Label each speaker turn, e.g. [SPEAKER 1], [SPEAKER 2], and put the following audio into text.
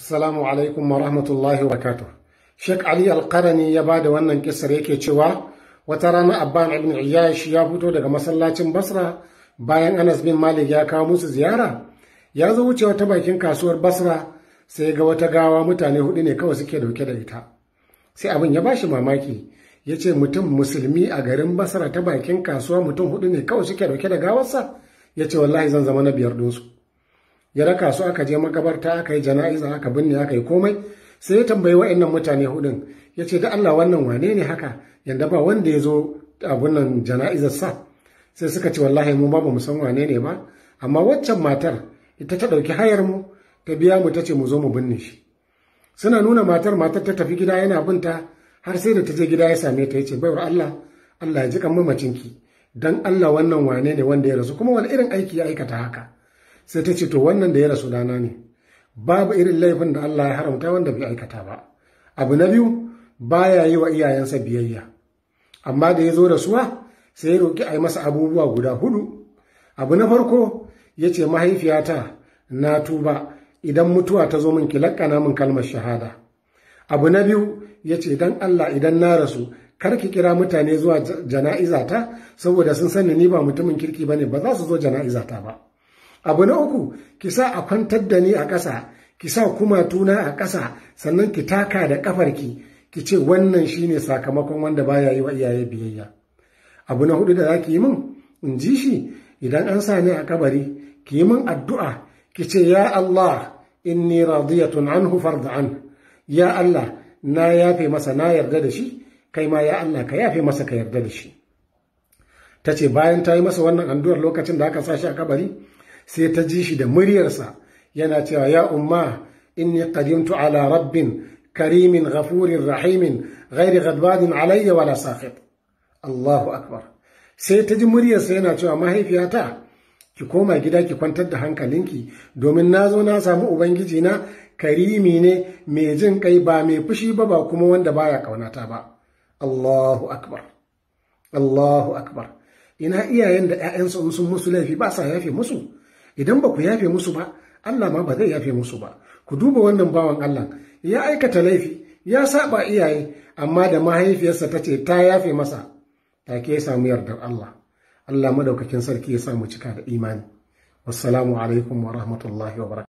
[SPEAKER 1] Assalamu alaikum wa rahmatullahi wa barakatuh. Sheikh Ali Alkarani ya ba da wannan kisar yake cewa wata rana Abban ibn Iyash ya fito daga masallacin Basra bayan Anas bin Malik ya kawo musu ziyara. Ya zo wuce wata bakin kasuwar Basra sai ga wata gawa mutane hudu ne kawai suke dauke da ita. Sai abin ya bashi mamaki ya ce mutum musulmi a garin Basra ta bakin kasuwa mutum hudu ne kawai suke dauke da gawarsa ya ce wallahi zan zama na biyar dinsu. ya raka su aka je makabarta aka yi jana'iza aka binne aka yi komai sai ya tambayi wa'annan mutane hudun ya ce da Allah wannan wane ne haka yanda ba wanda ya zo abun nan jana'izar sa sai suka ce wallahi mu ba mu san wane ne ba amma waccan matar ita ta ɗauki hayar mu ta biya mu ta ce mu zo mu binne shi suna nuna matar matar ta tafi gida yana binta har sai da ta je gida ya same ta ya ce baiwar Allah Allah ya ji kan mamacinki dan Allah wannan wane ne wanda ya rasu kuma wani irin aiki ya aikata haka sai ta ce to wannan da ya rasu dana ne babu irin laifin da Allah ya haramta wanda bai aikata ba abu na biyu baya yi wa iyayensa biyayya amma da ya zo rasuwa sai ya roki a yi masa abubuwa guda hudu abu na farko ya ce mahaifiyata na tuba idan mutuwa ta zo min ki lakkana min kalmar shahada abu na biyu ya ce dan Allah idan na rasu kar ki kira mutane zuwa jana'izata saboda sun sani ni ba mutumin kirki bane ba za su zo jana'izata ba abu na uku ki sa a kwantar da ni a ƙasa ki sa kuma tuna a ƙasa sannan ki taka da ƙafarki ki ce wannan shine sakamakon wanda baya yi wa iyaye biyayya abu na hudu da za ki yi min in ji shi idan an sa ni a kabari ki yi min addu'a ki ce ya Allah inni radiyatun anhu farda an ya Allah na yafe masa na yarda da shi kai ma ya Allah ka yafe masa ka yarda da shi ta ce bayan ta yi masa wannan addu'ar lokacin da aka sa shi a kabari sai ta ji shi da muryarsa yana cewa ya umma inni qadimtu ala rabbin karimin ghafurin rahimin ghairi ghadbadin alayya wala sakhit Allahu akbar sai ta ji muryarsa yana cewa mahaifiyata ki koma gida ki kwantar da hankalinki domin na zo na samu ubangiji na karimi ne mai jin kai ba mai fushi ba ba kuma wanda baya kaunata ba Allahu akbar Allahu akbar ina iyayen da 'ya'yansa sun musu laifi ba sa yafe musu idan ba ku yafe musu ba Allah ma ba zai yafe musu ba ku duba wannan bawan Allah ya aikata laifi ya saba iyaye amma da mahaifiyarsa ta ce ta yafe masa Ta ke samu yardar Allah Allah madaukakin sarki ya samu cika da imani wassalamu alaikum wa rahmatullahi wa barakatuh